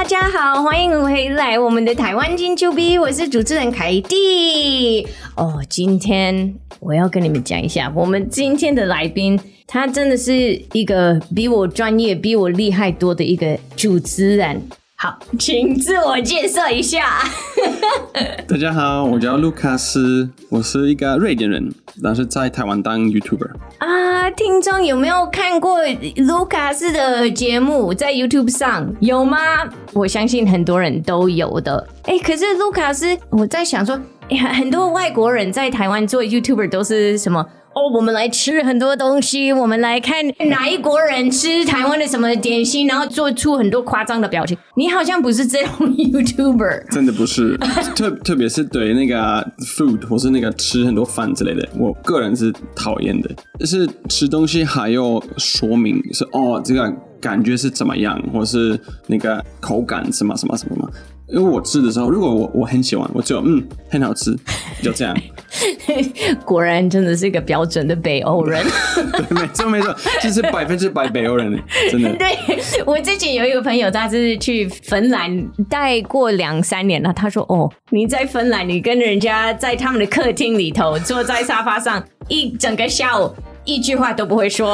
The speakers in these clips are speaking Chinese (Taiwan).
大家好，歡迎回來我們的台灣金秋幣，我是主持人凱蒂。哦，今天我要跟你們講一下，我們今天的來賓，他真的是一個比我專業、比我厲害多的一個主持人。好，請自我介紹一下。 大家好，我叫盧卡斯，我是一個瑞典人，但是在台灣當 YouTuber。啊、uh，聽眾有沒有看過盧卡斯的節目？在 YouTube 上有嗎？我相信很多人都有的。誒可是盧卡斯，我在想說誒，很多外國人在台灣做 YouTuber 都是什麼？哦，我們來吃很多東西，我們來看哪一國人吃台灣的什麼點心，然後做出很多誇張的表情。你好像不是這種 YouTuber，真的不是。 特特別是對那個 food 或是那個吃很多飯之類的，我個人是討厭的。是吃東西還要說明是哦，這個感覺是怎麼樣，或是那個口感什麼什麼什麼。因為我吃的時候，如果我我很喜歡，我就嗯，很好吃，就這樣。 果然真的是一個標準的北歐人。 對，沒錯沒錯，就是百分之百北歐人，真的。對，我之前有一個朋友，他是去芬蘭待過兩三年了。他說：“哦，你在芬蘭，你跟人家在他們的客廳裡頭坐在沙發上，一整個下午一句話都不會說。”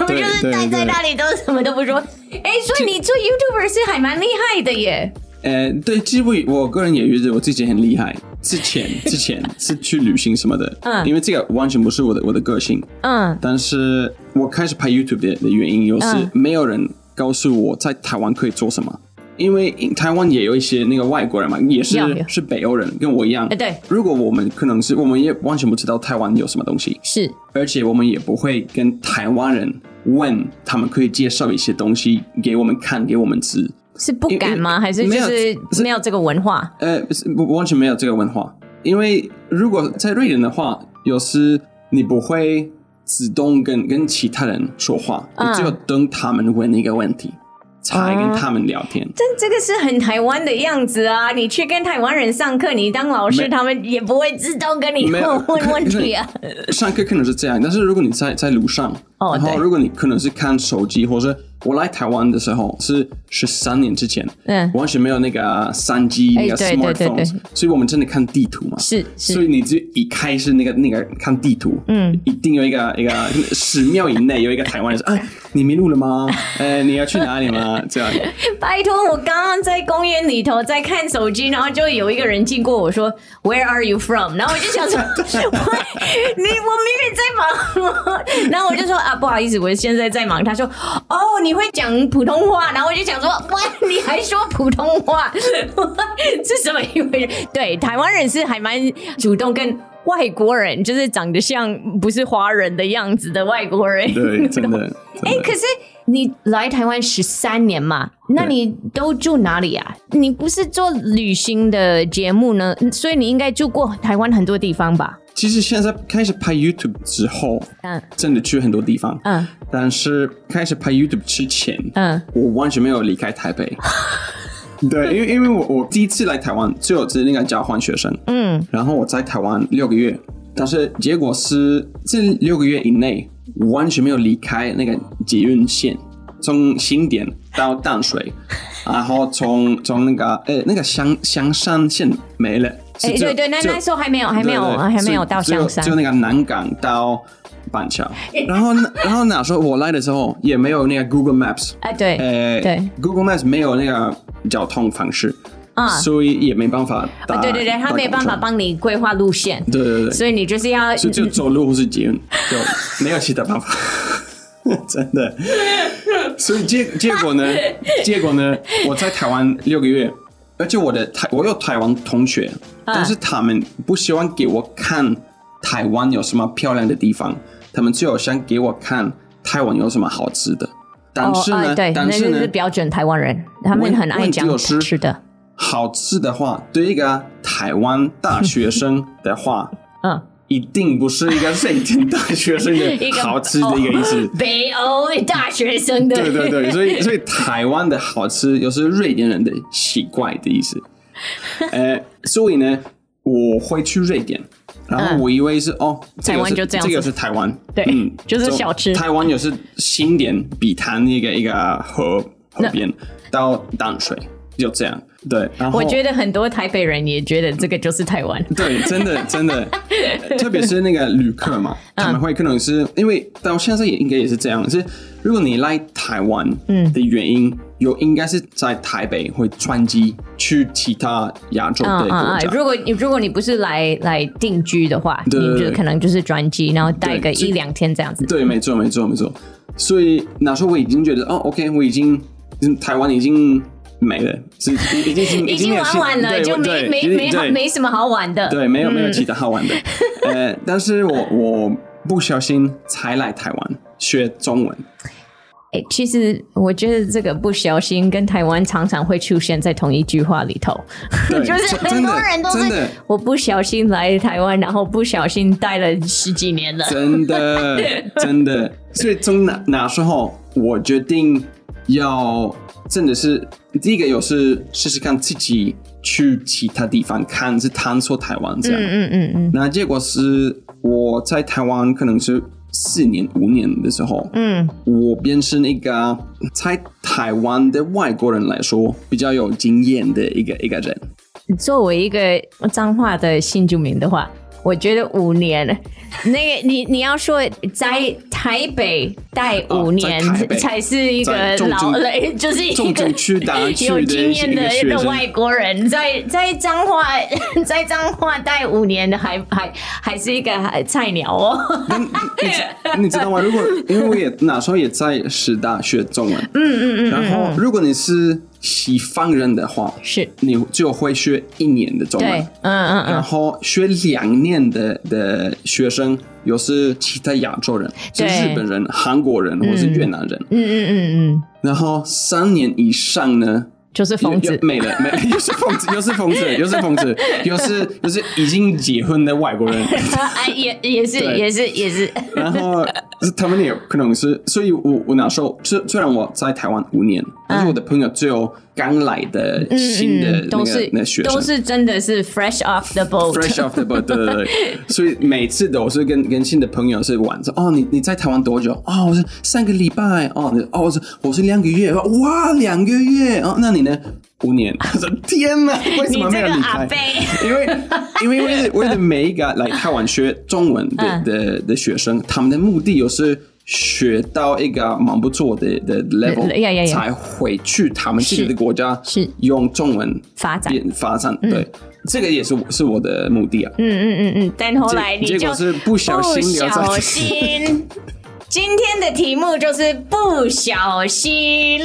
我就是待在那裡都什麼都不說。欸，哎，所以你做 YouTuber 是還蠻厲害的耶。呃、uh，對，其實我我個人也覺得我自己很厲害。之前之前是去旅行什麼的， 嗯，因為這個完全不是我的我的個性，嗯。但是我開始拍 YouTube 的原因，就是沒有人告訴我在台灣可以做什麼，嗯。因為台灣也有一些那個外國人嘛，也是是北歐人，跟我一樣，呃、對。如果我們可能是我們也完全不知道台灣有什麼東西，是，而且我們也不會跟台灣人問他們可以介紹一些東西給我們看給我們吃。是不敢嗎？還是就是沒有這個文化？呃，是完全沒有這個文化。因為如果在瑞典的話，有時你不會自動跟跟其他人說話，你、啊、只有等他們問你一個問題，才跟他們聊天、啊。但這個是很台灣的樣子啊！你去跟台灣人上課，你當老師，他們也不會自動跟你問問題啊。上課可能是這樣，但是如果你在在路上、哦，然後如果你可能是看手機，或是。我來台灣的時候是十三年之前，嗯，完全沒有那個三 G、哎、那個 smartphone。對對對對，所以我們真的看地圖嘛。是，是，所以你就一開始那個那個看地圖，嗯，一定有一個一個十 秒以內有一個台灣是 哎。你迷路了嗎？哎，你要去哪裡嗎？這樣。拜托，我剛剛在公園裡頭在看手機，然後就有一個人經過我說，Where are you from？然後我就想說， 你我明明在忙。 然後我就說啊，不好意思，我現在在忙。他說，哦，你會講普通話？然後我就想說，哇，你還說普通話？ 是什麼意思？對，台灣人是還蠻主動跟。外國人就是長得像不是華人的樣子的外國人。對，真的。哎、欸，可是你來台灣十三年嘛，那你都住哪裡啊？你不是做旅行的節目呢，所以你應該住過台灣很多地方吧？其實現在開始拍 YouTube 之後，嗯，真的去很多地方，嗯。但是開始拍 YouTube 之前，嗯，我完全沒有離開台北。 對，因為因為我我第一次來台灣，就是那個交換學生。嗯，然後我在台灣六個月，但是結果是這六個月以內我完全沒有離開那個捷運線，從新店到淡水， 然後從從那個誒、欸、那個香香山線沒了。哎、欸，對對，那那時候還沒有還沒有還沒有到香山，就那個南港到。板橋，然後然後哪，然後哪時候我來的時候也沒有那個 Google Maps，哎、啊、對，哎、呃、對，Google Maps 沒有那個交通方式，啊，所以也沒辦法、啊。對對對，他沒辦法幫你規劃路線。對對對。所以你就是要就走路不是捷運就沒有其他辦法， 真的。所以結結果呢？ 結果呢？我在台灣六個月，而且我的台，我有台灣同學，但、啊、是他們不希望給我看台灣有什麼漂亮的地方。他們就想給我看台灣有什麼好吃的，但是呢，哦、呃、但是呢，是標準台灣人，他們很愛講好吃的。好吃的話，對一個台灣大學生的話， 嗯，一定不是一個瑞典大學生的一個。好吃的一個意思。哦、北歐的大學生的，對對對，所以所以台灣的好吃，又是瑞典人的奇怪的意思。哎、 呃，所以呢，我會去瑞典。然後我以為是，嗯、哦、這個是，台灣就這樣，這個是台灣，對，嗯，就是小吃。台灣也是新店碧潭那一個一個河河邊到淡水就這樣，對。然後我覺得很多台北人也覺得這個就是台灣。對，真的真的， 特別是那個旅客嘛，嗯、他們會可能是因為到現在也應該也是這樣是。如果你來台灣的原因，有、嗯、應該是在台北會轉機去其他亞洲的國家，哦啊啊、如果如果你不是來來定居的話，對，你就可能就是轉機，然後待個一兩天這樣子。對，嗯、沒錯，沒錯，沒錯。所以那時候我已經覺得哦，OK，我已經台灣已經沒了，已經已經， 已經玩完了，就沒沒沒沒什麼好玩的。對，沒有沒有其他好玩的。嗯 呃、但是我我不小心才來台灣學中文。哎、欸，其實我覺得這個不小心跟台灣常常會出現在同一句話裡頭， 就是很多人都是我不小心來台灣，然後不小心待了十幾年了，真的真的。 所以從哪哪時候，我決定要真的是第一個有是試試看自己去其他地方看，是探索台灣這樣。嗯嗯嗯。那結果是我在台灣可能是。四年五年的時候，嗯，我變成一個在台灣的外國人來說比較有經驗的一個一個人。作為一個彰化的新住民的話，我覺得五年，那個你你要說在。 台北待五年才是一個老雷，就是一個有經驗的一個外國人，在在彰化在彰化待五年的還還還是一個菜鳥哦，就是菜鳥哦。你。你知道嗎？如果因為我也那時候也在師大學中文，嗯嗯嗯，然後如果你是西方人的話，是，你就會學一年的中文，嗯嗯，然後學兩年的的學生。又是其他亞洲人，就是日本人、韓國人，嗯、或者是越南人。嗯嗯嗯嗯。然後三年以上呢，就是瘋子沒了，沒了又是瘋子，又是瘋子，又是瘋子，又是又是已經結婚的外國人。哎、 啊，也也是 也是也是。然後 是他們也可能是，所以我我那時候，雖雖然我在台灣五年，但是我的朋友只有。嗯剛來的新的那個、嗯那個、學生都是真的是 fresh off the boat，fresh off the boat，對對對。 所以每次都是跟跟新的朋友是玩說哦，你你在台灣多久哦？我說三個禮拜啊，哦，我說、哦哦、我，我是兩個月，哇，兩個月啊、哦，那你呢？五年。我 說天哪，為什麼沒有離開？ 因為因為因為因為每一個來台灣學中文的的、嗯、的學生，他們的目的就是。學到一個蠻不錯的的 level，才回去他們自己的國家，是，是用中文發展發展，嗯。對，這個也是是我的目的啊。嗯嗯嗯嗯，但後來結，你就不小心，結果是不小心，不小心。 今天的題目就是不小心，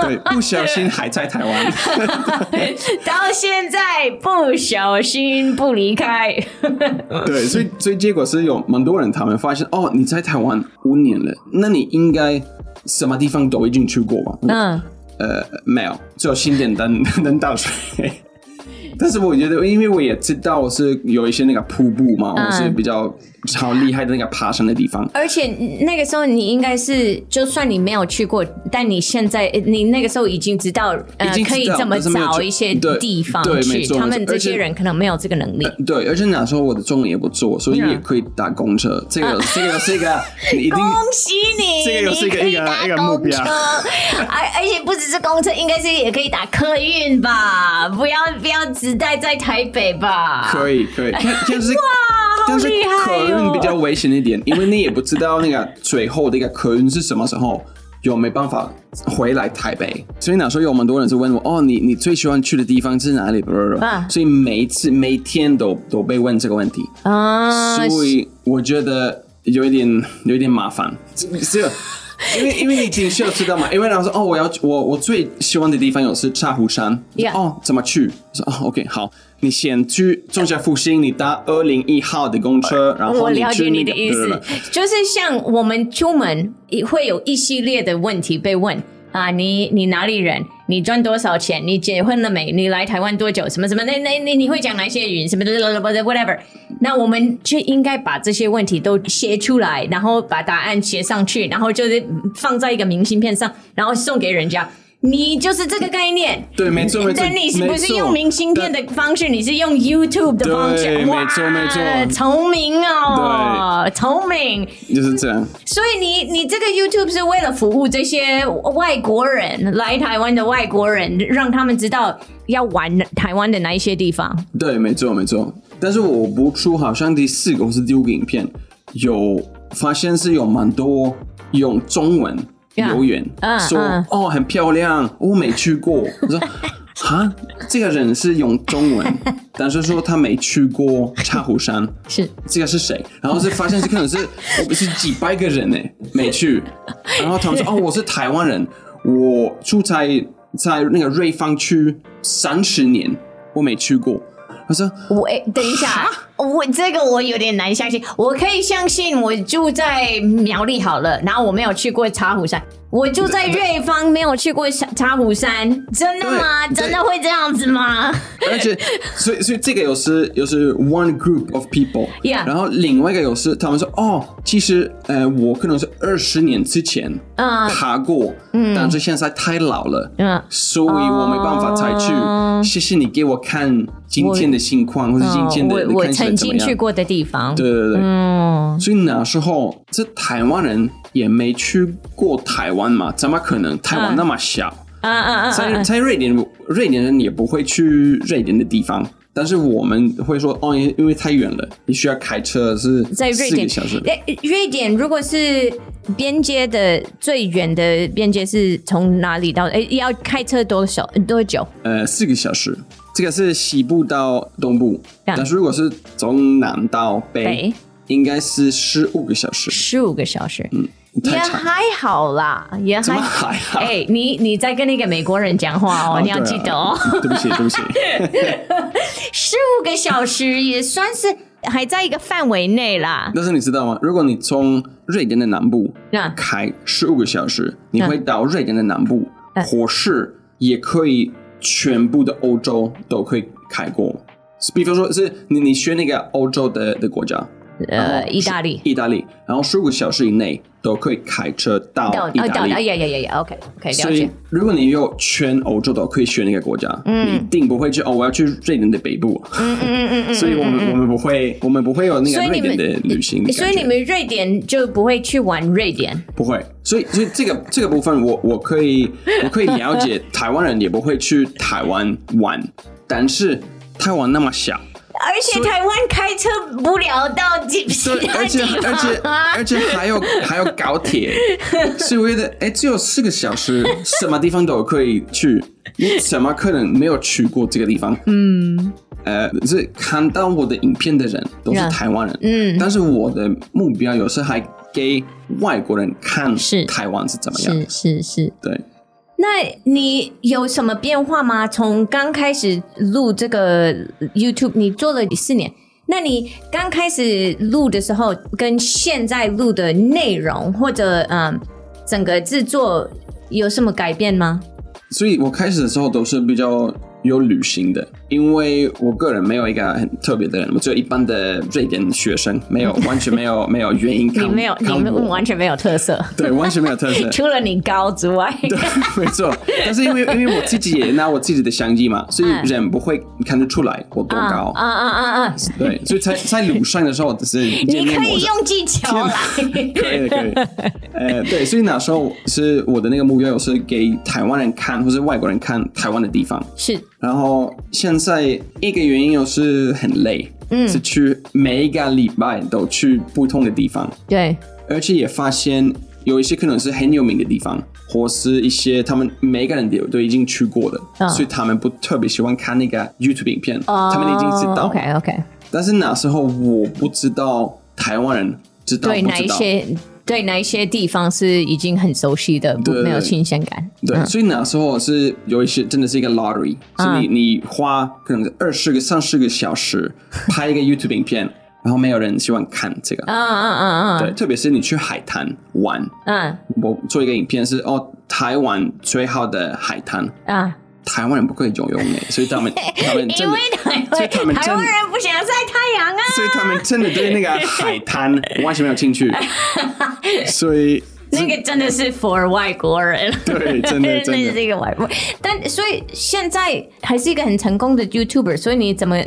對，不小心還在台灣， 到現在不小心不離開， 對，所以所以結果是有蠻多人他們發現哦，你在台灣五年了，那你應該什麼地方都已經去過吧？嗯，呃，沒有，只有新店的能倒水， 但是我覺得，因為我也知道是有一些那個瀑布嘛，嗯、我是比較。超厲害的那個爬山的地方，而且那個時候你應該是，就算你沒有去過，但你現在你那個時候已經知道，嗯、呃道，可以怎麼找一些地方去對對。他們這些人可能沒有這個能力。呃、對，而且那時候我的中文也不錯，所以也可以打公車。嗯、這個這個是、啊這個、 一個，恭喜你，這個是一個一個一個目標。而 而且不只是公車，應該是也可以打客運吧？不要不要只待在台北吧？可以可以，就是哇。但是客運比較危險一點，哦，因為你也不知道那個最後的一個客運是什麼時候，有沒有辦法回來台北，所以那時候有蠻多人就問我哦，你你最喜歡去的地方是哪裡？不是？所以每一次每天都都被問這個問題，啊，所以我覺得有一點有一點麻煩。這個。是 因為因為你必須要知道嘛，因為他說哦，我要我我最喜歡的地方有是茶壺山、yeah.，哦，怎麼去？我說哦，OK，好，你先去忠孝復興，你搭二零一號的公車，yeah. 然後你去、那個、我了解你的意思，就是像我們出門會有一系列的問題被問。啊，你你哪裡人？你賺多少錢？你結婚了沒？你來台灣多久？什麼什麼？那那那你會講哪些語言？什麼的 whatever？那我們就應該把這些問題都寫出來，然後把答案寫上去，然後就是放在一個明信片上，然後送給人家。你就是這個概念，對，沒錯沒錯。但你是不是用明信片的方式？你是用 YouTube 的方式。哇，沒錯沒錯，聰明哦，對，聰明，就是這樣。所以你你這個 YouTube 是為了服務這些外國人，來台灣的外國人，讓他們知道要玩台灣的那一些地方。對，沒錯沒錯。但是我播出好像第四個或是第五個影片，有發現是有蠻多用中文留言說：“ uh, uh. 哦，很漂亮，我沒去過。”我說：“啊，這個人是用中文，但是說他沒去過茶壺山。 是”是這個是誰？然後是發現是可能是 我是幾百個人哎沒去，然後他們說 ：“哦，我是台灣人，我出差在，在那個瑞芳區三十年，我沒去過。”他說我說我、欸、等一下、啊，我這個我有點難相信。我可以相信，我住在苗栗好了，然後我沒有去過茶壺山，我住在瑞芳，沒有去過茶壺山，真的嗎？真的會這樣子嗎？而且，所以，所以這個有時，有時 one group of people，yeah，然後另外一個有時，他們說，哦，其實，呃，我可能是二十年之前爬過，uh, 但是現在太老了，uh, 所以我沒辦法才去。Uh, 謝謝你給我看。今天的情況，或者今天的、哦、我我曾經去過的地方。對對對，嗯。所以那時候，這台灣人也沒去過台灣嘛？怎麼可能？台灣那麼小啊啊啊！在啊啊在瑞典，瑞典人也不會去瑞典的地方。但是我們會說哦，因為太遠了，你需要開車是四個小時。哎，瑞典如果是邊界的，最的最遠的邊界是從哪裡到？哎、呃，要開車多少多久？呃，四個小時。這個是西部到東部，但是如果是從南到北，北應該是十五個小時。十五個小時，嗯，也還好啦，也還,怎麼還好。哎、欸，你你在跟那個美國人講話哦，哦你要記得哦對、啊。對不起，對不起。十 五個小時也算是還在一個範圍內啦。但是你知道嗎？如果你從瑞典的南部那開十五個小時，你會到瑞典的南部，或是也可以。全部的歐洲都可以開過，比方說是你，你選那個歐洲的的國家。呃，意大利，意大利，然後十五小時以內都可以開車到意大利。哎呀呀呀呀，OK OK。所以如果你有全歐洲的，可以選一個國家，嗯。你一定不會去哦。我要去瑞典的北部。嗯嗯嗯。嗯 所以我們我們不會，我們不會有那個瑞典的旅行所。所以你們瑞典就不會去玩瑞典？不會。所以所以這個這個部分我，我我可以我可以了解 台灣人也不會去台灣玩，但是台灣那麼小。而且台灣開車無聊到幾是、so, 啊，而且而且而且還有 還有高鐵，所以我覺得，哎，只有四個小時， 什麼地方都可以去，怎麼可能沒有去過這個地方？嗯，呃，是看到我的影片的人都是台灣人，嗯，但是我的目標有時候還給外國人看是台灣是怎麼樣？是是，是，對。那你有什麼變化嗎？從剛開始錄這個 YouTube，你做了四年，那你剛開始錄的時候跟現在錄的內容或者嗯，整個制作有什麼改變嗎？所以我開始的時候都是比較有旅行的。因為我個人沒有一個很特別的人，我只有一般的瑞典學生，沒有完全沒有沒有原因看，沒有完全沒有特色，對完全沒有特色， 除了你高之外，對，沒錯。但是因為因為我自己也拿我自己的相機嘛，所以人不會看得出來我多高，嗯、啊啊啊啊，對，所以在在路上的時候只、就是，面是你可以用技巧來， 可以可以、呃，對，所以那時候是我的那個目標，我是給台灣人看或者外國人看台灣的地方是。然後現在一個原因又是很累，嗯，是去每一個禮拜都去不同的地方，對，而且也發現有一些可能是很有名的地方，或是一些他們每個人都有都已經去過的，哦，所以他們不特別喜歡看那個 YouTube 影片，哦，他們已經知道，OK OK，哦。但是那時候我不知道台灣人知道不知道。對哪一些地方是已經很熟悉的，對對對，沒有新鮮感。對，對、嗯，所以那時候是有一些真的是一個 lottery，你、嗯、你花可能二十個、三十個小時拍一個 YouTube 影片， 然後沒有人喜歡看這個。啊啊啊啊！對，特別是你去海灘玩。嗯，我做一個影片是哦，台灣最好的海灘。啊、嗯，台灣人不會游泳、欸、 的，所以他們因為台灣人不想在台。所以他們真的對那個海灘完全沒有興趣，所以 那個真的是 for 外國人， 對，真的真的 是一個外國人。但所以現在還是一個很成功的 YouTuber，所以你怎麼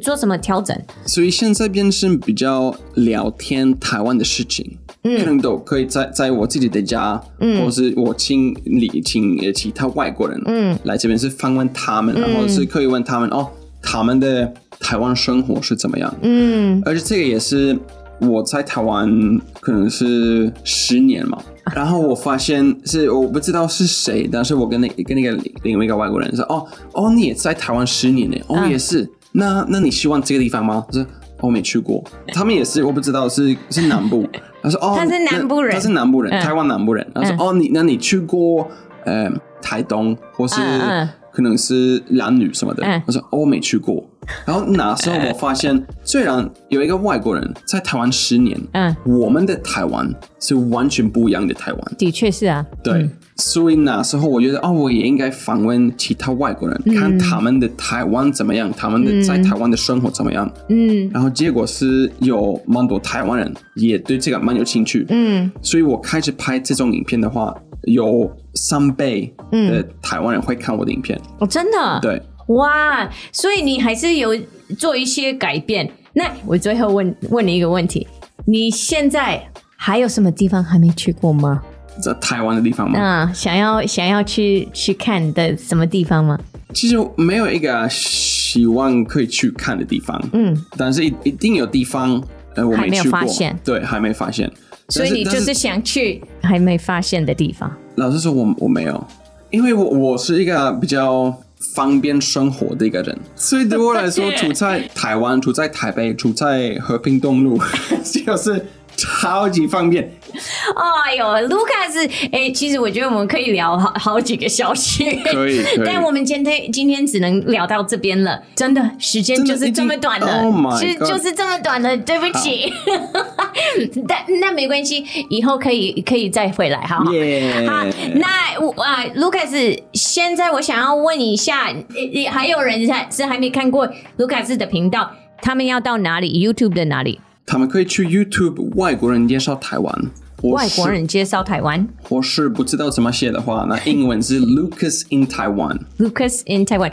做什麼調整？所以現在變成比較聊天台灣的事情，嗯，可能都可以在在我自己的家，嗯，或者是我請、你請、其他外國人，嗯，來這邊是訪問他們、嗯，然後是可以問他們、嗯、哦。他們的台灣生活是怎麼樣？嗯，而且這個也是我在台灣可能是十年嘛，然後我發現是我不知道是誰，但是我跟那個、跟那個另外一個外國人說哦哦，你也在台灣十年呢、欸，哦、嗯，也是。那那你希望這個地方嗎？他說我、哦、沒去過。他們也是，我不知道是是南部。他說哦，他是南部人，他是南部人，嗯、台灣南部人。他說、嗯、哦，你那你去過呃台東或是？嗯嗯可能是男女什麼的，我、嗯、說歐美去過。 然後那時候我發現，雖然有一個外國人在台灣十年，嗯，我們的台灣是完全不一樣的台灣。的確是啊。對、嗯，所以那時候我覺得，哦，我也應該訪問其他外國人，嗯、看他們的台灣怎麼樣，他們的在台灣的生活怎麼樣。嗯。然後結果是有蠻多台灣人也對這個蠻有興趣。嗯。所以我開始拍這種影片的話，有三倍的台灣人會看我的影片。嗯、哦，真的？對。哇，所以你還是有做一些改變。那我最後問問你一個問題：你現在還有什麼地方還沒去過嗎？在台灣的地方嗎？那、呃、想要想要去去看的什麼地方嗎？其實沒有一個希望可以去看的地方。嗯，但是一一定有地方我沒去過，哎，我沒有發現，對，還沒發現。所以你就是想去還沒發現的地方。老實說我，我我沒有，因為我我是一個比較。方便生活的一個人，所以對我來說，住在台灣， 住在台北， 住在和平東路，就是超級方便。哎呦，盧卡斯，哎、欸，其實我覺得我們可以聊好好幾個小時，可以，但我們今天今天只能聊到這邊了，真的時間就是這麼短了，的是、oh、就是這麼短了，對不起。 但那沒關係，以後可以可以再回來哈好，好、yeah. 啊，那我啊，盧卡斯，Lukas, 現在我想要問一下，也也還有人在是還沒看過盧卡斯的頻道，他們要到哪裡？YouTube 的哪裡？他們可以去 YouTube 外國人介紹台灣，外國人介紹台灣，或是不知道怎麼寫的話，那英文是 Lukas in Taiwan，Lukas in Taiwan。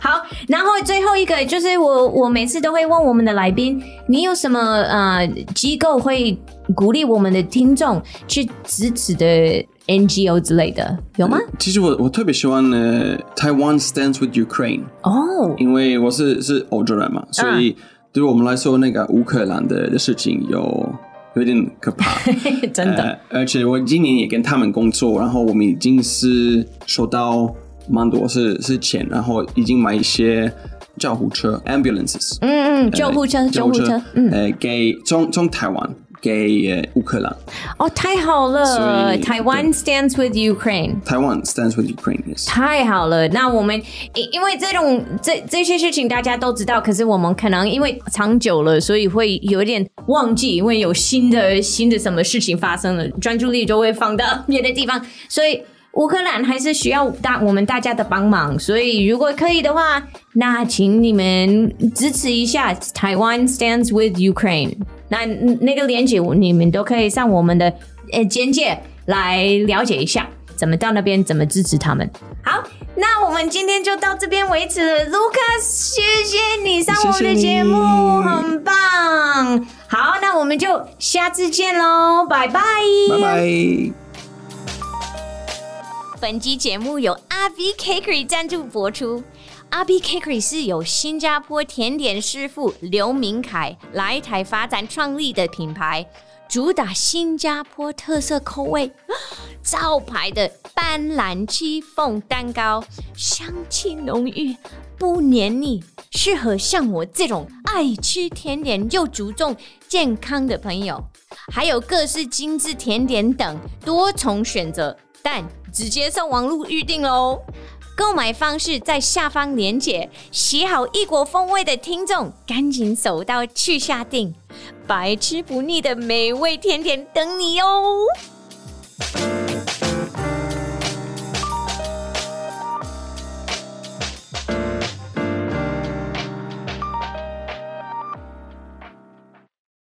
好，然後最後一個就是我，我每次都會問我們的來賓，你有什麼呃機構會鼓勵我們的聽眾去支持的 NGO 之類的，有嗎？嗯、其實我我特別喜歡台灣、呃、Stands with Ukraine 哦、oh.，因為我是是歐洲人嘛，所以對我們來說、嗯、那個烏克蘭的的事情有有點可怕， 真的、呃。而且我今年也跟他們工作，然後我們已經是收到。蠻多是是錢，然後已經買一些救護車 （ambulances）。嗯嗯，救護車、呃、救護車，救護車。嗯，給從從台灣給烏克蘭。哦，太好了！台灣 stands with Ukraine。台灣 stands with Ukraine, yes. 太好了！那我們因為這種這這些事情大家都知道，可是我們可能因為長久了，所以會有點忘記，因為有新的新的什麼事情發生了，專注力就會放到別的地方，所以。烏克蘭還是需要大我們大家的幫忙，所以如果可以的話，那請你們支持一下“台灣 stands with Ukraine”。那那個連接，你們都可以上我們的呃簡介來了解一下，怎麼到那邊，怎麼支持他們。好，那我們今天就到這邊為止。盧卡斯，謝謝你上我們的節目謝謝，很棒。好，那我們就下次見嘍，拜拜，拜拜。本期節目由 AhBeeCakery 贊助播出。AhBeeCakery 是由新加坡甜點師傅劉明凱來台發展創立的品牌，主打新加坡特色口味，招牌的班蘭戚風蛋糕，香氣濃郁，不黏膩，適合像我這種愛吃甜點又注重健康的朋友。還有各式精致甜點等多重選擇。但直接受網絡預訂哦，購買方式在下方連結。喜好異國風味的聽眾，趕緊手刀去下訂，百吃不膩的美味甜甜等你哦。